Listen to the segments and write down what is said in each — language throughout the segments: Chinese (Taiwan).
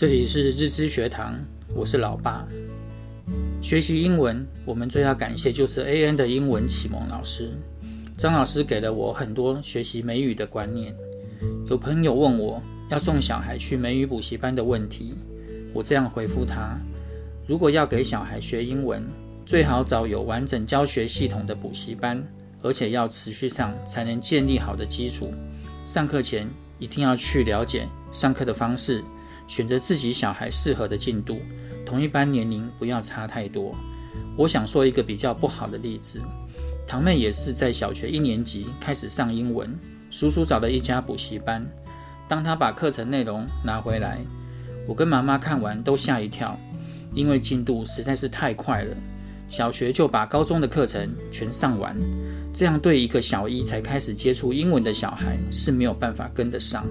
這裡是日知學堂，我是老爸。學習英文，我們最要感謝就是 AN 的英文啟蒙老師張老師，給了我很多學習美語的觀念。有朋友問我要送小孩去美語補習班的問題，我這樣回復他：如果要給小孩學英文，最好找有完整教學系統的補習班，而且要持續上才能建立好的基礎。上課前一定要去了解上課的方式。選擇自己小孩適合的進度，同一班年齡不要差太多。我想說一個比較不好的例子，堂妹也是在小學一年級開始上英文，叔叔找了一家補習班。當她把課程內容拿回來，我跟媽媽看完都嚇一跳，因為進度實在是太快了，小學就把高中的課程全上完，這樣對一個小一才開始接觸英文的小孩是沒有辦法跟得上。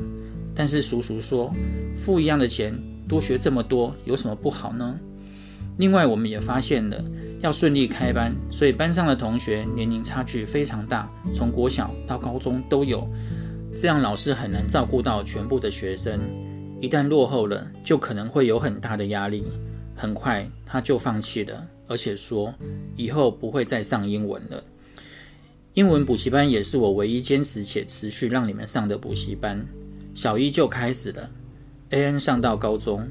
但是叔叔說，付一樣的錢，多學這麼多有什麼不好呢？另外，我們也發現了，要順利開班，所以班上的同學年齡差距非常大，從國小到高中都有，這樣老師很難照顧到全部的學生。一旦落後了，就可能會有很大的壓力。很快他就放棄了，而且說以後不會再上英文了。英文補習班也是我唯一堅持且持續讓你們上的補習班。小一就開始了，A N 上到高中，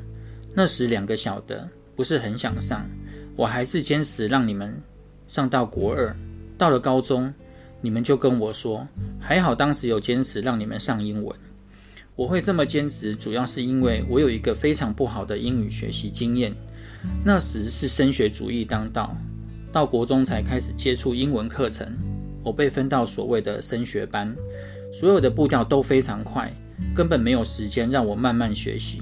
那時兩個小的不是很想上，我還是堅持讓你們上到國二。到了高中，你們就跟我說，還好當時有堅持讓你們上英文。我會這麼堅持，主要是因為我有一個非常不好的英語學習經驗。那時是升學主義當道，到國中才開始接觸英文課程，我被分到所謂的升學班，所有的步調都非常快。根本沒有時間讓我慢慢學習。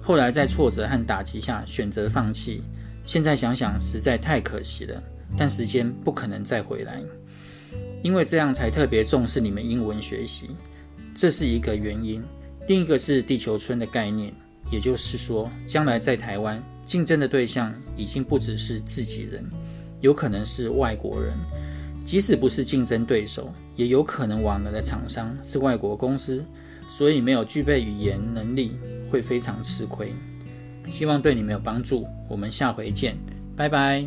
後來在挫折和打擊下選擇放棄，現在想想實在太可惜了。但時間不可能再回來，因為這樣才特別重視你們英文學習，這是一個原因。另一個是地球村的概念，也就是說，將來在台灣競爭的對象已經不只是自己人，有可能是外國人。即使不是競爭對手，也有可能往來的廠商是外國公司。所以沒有具備語言能力會非常吃虧，希望對你們有幫助。我們下回見，拜拜。